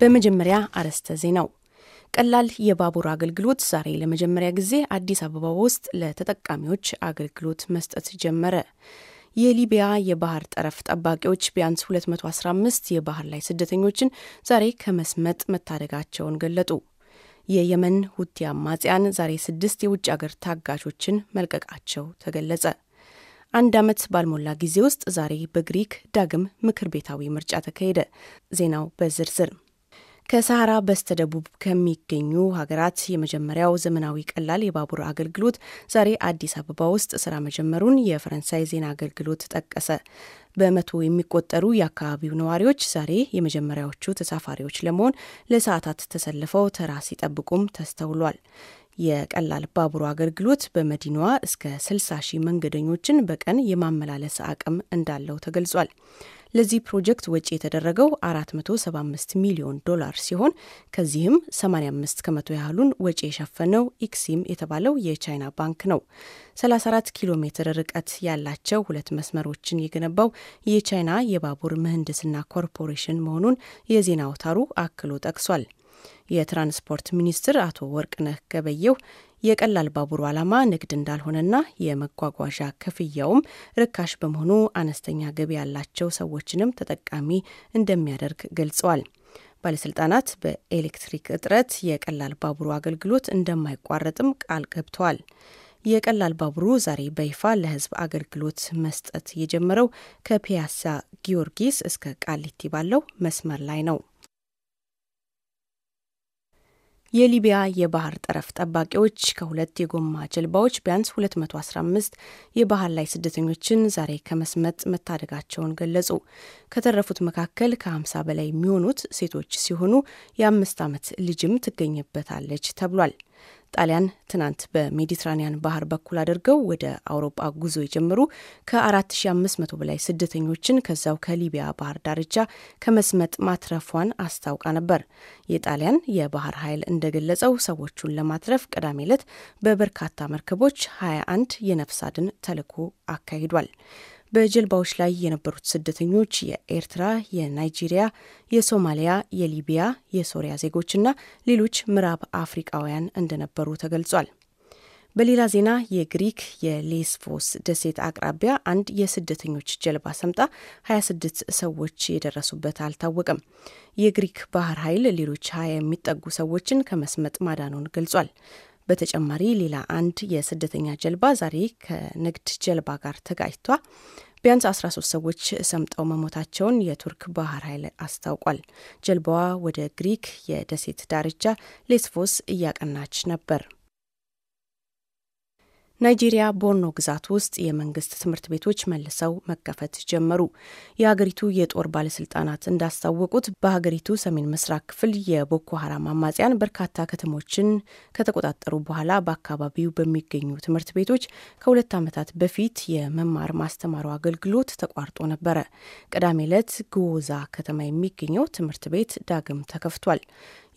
በመጀመሪያ አርዕስተ ዜናው ቀላል የባቡር አገልግሎት ዛሬ ለመጀመሪያ ጊዜ አዲስ አበባ ውስጥ ለተጠቃሚዎች አገልግሎት መስጠት ጀመረ። የሊቢያ የባህር ጠረፍ ጠባቂዎች ቢያንስ 215 የባህር ላይ ስደተኞችን ዛሬ ከመስመጥ መታደጋቸውን ገለጡ። የየመን ሁቲ አማጽያን ዛሬ ስድስት የውጭ አገር ታጋቾችን መልቀቃቸው ተገለጸ። አንድ ዓመት ባልሞላ ጊዜ ውስጥ ዛሬ በግሪክ ዳግም ምክር ቤታዊ ምርጫ ተካሄደ። ዜናው በዝርዝር ከሰሃራ በስተደቡብ ከሚገኙ ሀገራት የመጀመሪያው ዘመናዊ ቀላል የባቡር አገልግሎት ዛሬ አዲስ አበባ ውስጥ ስራ መጀመሩን የፈረንሳይ ዜና አገልግሎት ጠቀሰ። በመቶ የሚቆጠሩ የአካባቢው ነዋሪዎች ዛሬ የመጀመሪያዎቹ ተሳፋሪዎች ለመሆን ለሰዓታት ተሰልፈው ተራ ሲጠብቁም ተስተውሏል። የቀላል ባቡሩ አገልግሎት በመዲናዋ እስከ 60 ሺህ መንገደኞችን በቀን የማመላለስ አቅም እንዳለው ተገልጿል። ለዚህ ፕሮጀክት ወጪ የተደረገው 475 ሚሊዮን ዶላር ሲሆን ከዚህም 85 ከመቶ ያህሉን ወጪ የሸፈነው ኢክሲም የተባለው የቻይና ባንክ ነው። 34 ኪሎ ሜትር ርቀት ያላቸው ሁለት መስመሮችን የገነባው የቻይና የባቡር ምህንድስና ኮርፖሬሽን መሆኑን የዜና አውታሩ አክሎ ጠቅሷል። የትራንስፖርት ሚኒስትር አቶ ወርቅነህ ገበየው የቀላል ባቡሩ ዓላማ ንግድ እንዳልሆነና የመጓጓዣ ክፍያውም ርካሽ በመሆኑ አነስተኛ ገቢ ያላቸው ሰዎችንም ተጠቃሚ እንደሚያደርግ ገልጸዋል። ባለስልጣናት በኤሌክትሪክ እጥረት የቀላል ባቡሩ አገልግሎት እንደማይቋረጥም ቃል ገብተዋል። የቀላል ባቡሩ ዛሬ በይፋ ለሕዝብ አገልግሎት መስጠት የጀመረው ከፒያሳ ጊዮርጊስ እስከ ቃሊቲ ባለው መስመር ላይ ነው። የሊቢያ የባህር ጠረፍ ጠባቂዎች ከሁለት የጎማ ጀልባዎች ቢያንስ 215 የባህር ላይ ስደተኞችን ዛሬ ከመስመጥ መታደጋቸውን ገለጹ። ከተረፉት መካከል ከ50 በላይ የሚሆኑት ሴቶች ሲሆኑ የአምስት ዓመት ልጅም ትገኝበታለች ተብሏል። ጣሊያን ትናንት በሜዲትራኒያን ባህር በኩል አድርገው ወደ አውሮፓ ጉዞ የጀመሩ ከ4500 በላይ ስደተኞችን ከዛው ከሊቢያ ባህር ዳርቻ ከመስመጥ ማትረፏን አስታውቃ ነበር። የጣሊያን የባህር ኃይል እንደገለጸው ሰዎቹን ለማትረፍ ቅዳሜ ዕለት በበርካታ መርከቦች 21 የነፍስ አድን ተልዕኮ አካሂዷል። በጀልባዎች ላይ የነበሩት ስደተኞች የኤርትራ፣ የናይጄሪያ፣ የሶማሊያ፣ የሊቢያ፣ የሶሪያ ዜጎችና ሌሎች ምዕራብ አፍሪቃውያን እንደነበሩ ተገልጿል። በሌላ ዜና የግሪክ የሌስፎስ ደሴት አቅራቢያ አንድ የስደተኞች ጀልባ ሰምጣ 26 ሰዎች የደረሱበት አልታወቀም። የግሪክ ባህር ኃይል ሌሎች 20 የሚጠጉ ሰዎችን ከመስመጥ ማዳኑን ገልጿል። በተጨማሪ ሌላ አንድ የስደተኛ ጀልባ ዛሬ ከንግድ ጀልባ ጋር ተጋጭቷ ቢያንስ 13 ሰዎች ሰምጠው መሞታቸውን የቱርክ ባህር ኃይል አስታውቋል። ጀልባዋ ወደ ግሪክ የደሴት ዳርቻ ሌስፎስ እያቀናች ነበር። ናይጄሪያ ቦርኖ ግዛት ውስጥ የመንግስት ትምህርት ቤቶች መልሰው መከፈት ጀመሩ። የሀገሪቱ የጦር ባለስልጣናት እንዳስታወቁት በሀገሪቱ ሰሜን ምስራቅ ክፍል የቦኮ ሀራም አማጽያን በርካታ ከተሞችን ከተቆጣጠሩ በኋላ በአካባቢው በሚገኙ ትምህርት ቤቶች ከሁለት ዓመታት በፊት የመማር ማስተማሩ አገልግሎት ተቋርጦ ነበረ። ቅዳሜ ዕለት ጉወዛ ከተማ የሚገኘው ትምህርት ቤት ዳግም ተከፍቷል።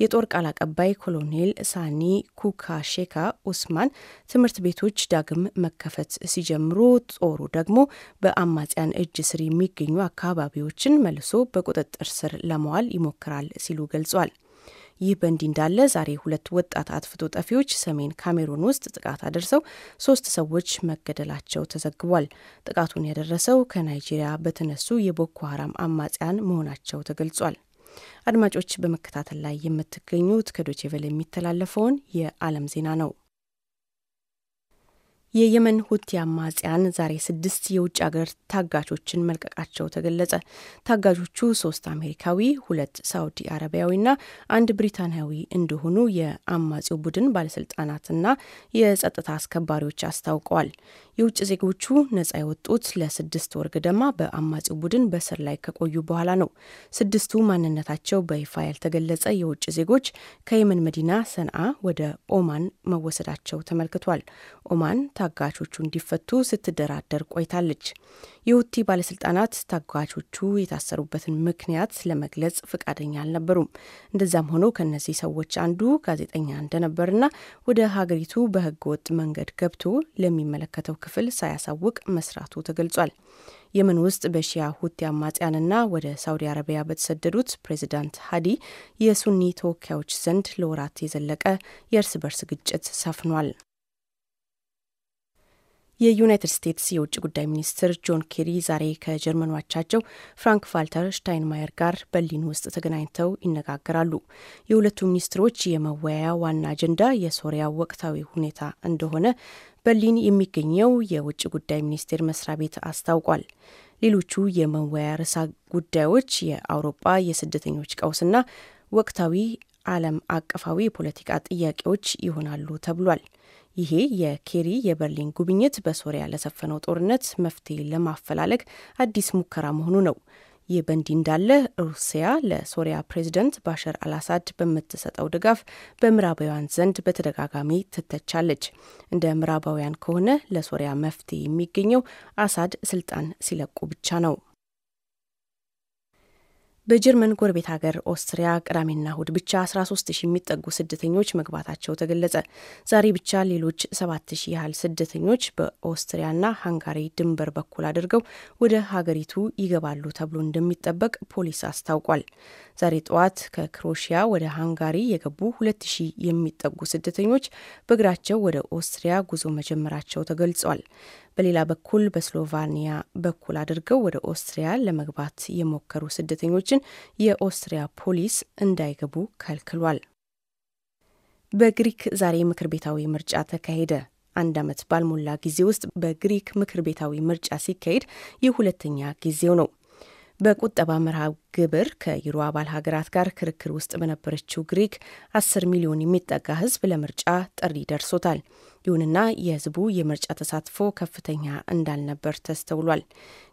የጦር ቃል አቀባይ ኮሎኔል ሳኒ ኩካሼካ ኡስማን ትምህርት ቤቶች ዳግም መከፈት ሲጀምሩ ጦሩ ደግሞ በአማጽያን እጅ ስር የሚገኙ አካባቢዎችን መልሶ በቁጥጥር ስር ለመዋል ይሞክራል ሲሉ ገልጿል። ይህ በእንዲህ እንዳለ ዛሬ ሁለት ወጣት አጥፍቶ ጠፊዎች ሰሜን ካሜሩን ውስጥ ጥቃት አደርሰው ሶስት ሰዎች መገደላቸው ተዘግቧል። ጥቃቱን ያደረሰው ከናይጄሪያ በተነሱ የቦኮ ሀራም አማጽያን መሆናቸው ተገልጿል። አድማጮች በመከታተል ላይ የምትገኙት ከዶቼቨል የሚተላለፈውን የዓለም ዜና ነው። የየመን ሁቲ አማጽያን ዛሬ ስድስት የውጭ አገር ታጋቾችን መልቀቃቸው ተገለጸ። ታጋቾቹ ሶስት አሜሪካዊ፣ ሁለት ሳውዲ አረቢያዊና አንድ ብሪታንያዊ እንደሆኑ የአማጺው ቡድን ባለስልጣናትና የጸጥታ አስከባሪዎች አስታውቀዋል። የውጭ ዜጎቹ ነጻ የወጡት ለስድስት ወር ገደማ በአማጺው ቡድን በስር ላይ ከቆዩ በኋላ ነው። ስድስቱ ማንነታቸው በይፋ ያልተገለጸ የውጭ ዜጎች ከየመን መዲና ሰንዓ ወደ ኦማን መወሰዳቸው ተመልክቷል። ኦማን ታጋቾቹ እንዲፈቱ ስትደራደር ቆይታለች። የሁቲ ባለስልጣናት ታጋቾቹ የታሰሩበትን ምክንያት ለመግለጽ ፈቃደኛ አልነበሩም። እንደዛም ሆኖ ከእነዚህ ሰዎች አንዱ ጋዜጠኛ እንደነበርና ወደ ሀገሪቱ በህገ ወጥ መንገድ ገብቶ ለሚመለከተው ክፍል ሳያሳውቅ መስራቱ ተገልጿል። የመን ውስጥ በሺያ ሁቲ አማጽያንና ወደ ሳውዲ አረቢያ በተሰደዱት ፕሬዚዳንት ሀዲ የሱኒ ተወካዮች ዘንድ ለወራት የዘለቀ የእርስ በርስ ግጭት ሰፍኗል። የዩናይትድ ስቴትስ የውጭ ጉዳይ ሚኒስትር ጆን ኬሪ ዛሬ ከጀርመን አቻቸው ፍራንክ ቫልተር ሽታይንማየር ጋር በርሊን ውስጥ ተገናኝተው ይነጋገራሉ። የሁለቱ ሚኒስትሮች የመወያያ ዋና አጀንዳ የሶሪያ ወቅታዊ ሁኔታ እንደሆነ በርሊን የሚገኘው የውጭ ጉዳይ ሚኒስቴር መስሪያ ቤት አስታውቋል። ሌሎቹ የመወያያ ርዕሰ ጉዳዮች የአውሮፓ የስደተኞች ቀውስና ወቅታዊ ዓለም አቀፋዊ የፖለቲካ ጥያቄዎች ይሆናሉ ተብሏል። ይሄ የኬሪ የበርሊን ጉብኝት በሶሪያ ለሰፈነው ጦርነት መፍትሄ ለማፈላለግ አዲስ ሙከራ መሆኑ ነው። ይህ በእንዲህ እንዳለ ሩሲያ ለሶሪያ ፕሬዚደንት ባሻር አልአሳድ በምትሰጠው ድጋፍ በምዕራባውያን ዘንድ በተደጋጋሚ ትተቻለች። እንደ ምዕራባውያን ከሆነ ለሶሪያ መፍትሄ የሚገኘው አሳድ ስልጣን ሲለቁ ብቻ ነው። በጀርመን ጎረቤት ሀገር ኦስትሪያ ቅዳሜና እሁድ ብቻ 13 የሚጠጉ ስደተኞች መግባታቸው ተገለጸ። ዛሬ ብቻ ሌሎች 7 ያህል ስደተኞች በኦስትሪያና ሃንጋሪ ድንበር በኩል አድርገው ወደ ሀገሪቱ ይገባሉ ተብሎ እንደሚጠበቅ ፖሊስ አስታውቋል። ዛሬ ጠዋት ከክሮሺያ ወደ ሃንጋሪ የገቡ 2 የሚጠጉ ስደተኞች በእግራቸው ወደ ኦስትሪያ ጉዞ መጀመራቸው ተገልጿል። በሌላ በኩል በስሎቫኒያ በኩል አድርገው ወደ ኦስትሪያ ለመግባት የሞከሩ ስደተኞችን የኦስትሪያ ፖሊስ እንዳይገቡ ከልክሏል። በግሪክ ዛሬ ምክር ቤታዊ ምርጫ ተካሄደ። አንድ ዓመት ባልሞላ ጊዜ ውስጥ በግሪክ ምክር ቤታዊ ምርጫ ሲካሄድ የሁለተኛ ጊዜው ነው። በቁጠባ መርሃ ግብር ከዩሮ አባል ሀገራት ጋር ክርክር ውስጥ በነበረችው ግሪክ 10 ሚሊዮን የሚጠጋ ሕዝብ ለምርጫ ጥሪ ደርሶታል። ይሁንና የሕዝቡ የምርጫ ተሳትፎ ከፍተኛ እንዳልነበር ተስተውሏል።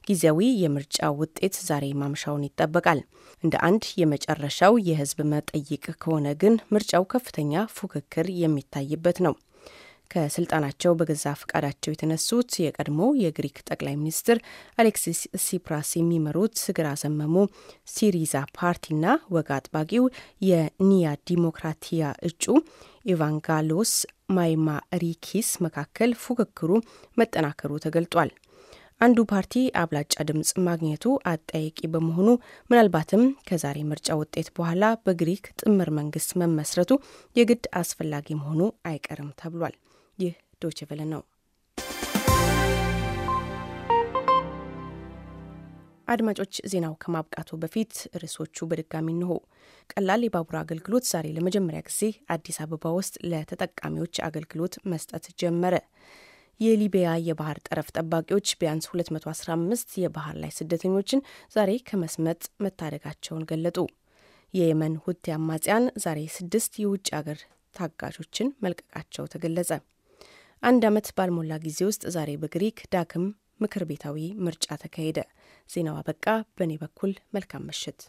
ጊዜያዊ የምርጫ ውጤት ዛሬ ማምሻውን ይጠበቃል። እንደ አንድ የመጨረሻው የሕዝብ መጠይቅ ከሆነ ግን ምርጫው ከፍተኛ ፉክክር የሚታይበት ነው። ከስልጣናቸው በገዛ ፈቃዳቸው የተነሱት የቀድሞ የግሪክ ጠቅላይ ሚኒስትር አሌክሲስ ሲፕራስ የሚመሩት ግራ ዘመሙ ሲሪዛ ፓርቲና ወግ አጥባቂው የኒያ ዲሞክራቲያ እጩ ኢቫንጋሎስ ማይማሪኪስ መካከል ፉክክሩ መጠናከሩ ተገልጧል። አንዱ ፓርቲ አብላጫ ድምፅ ማግኘቱ አጠያቂ በመሆኑ ምናልባትም ከዛሬ ምርጫ ውጤት በኋላ በግሪክ ጥምር መንግስት መመስረቱ የግድ አስፈላጊ መሆኑ አይቀርም ተብሏል። ይህ ዶችቨለ ነው። አድማጮች ዜናው ከማብቃቱ በፊት ርዕሶቹ በድጋሚ እንሆ። ቀላል የባቡር አገልግሎት ዛሬ ለመጀመሪያ ጊዜ አዲስ አበባ ውስጥ ለተጠቃሚዎች አገልግሎት መስጠት ጀመረ። የሊቢያ የባህር ጠረፍ ጠባቂዎች ቢያንስ 215 የባህር ላይ ስደተኞችን ዛሬ ከመስመጥ መታደጋቸውን ገለጡ። የየመን ሁቲ አማጽያን ዛሬ ስድስት የውጭ አገር ታጋቾችን መልቀቃቸው ተገለጸ። አንድ ዓመት ባልሞላ ጊዜ ውስጥ ዛሬ በግሪክ ዳግም ምክር ቤታዊ ምርጫ ተካሄደ። ዜናው አበቃ። በእኔ በኩል መልካም ምሽት።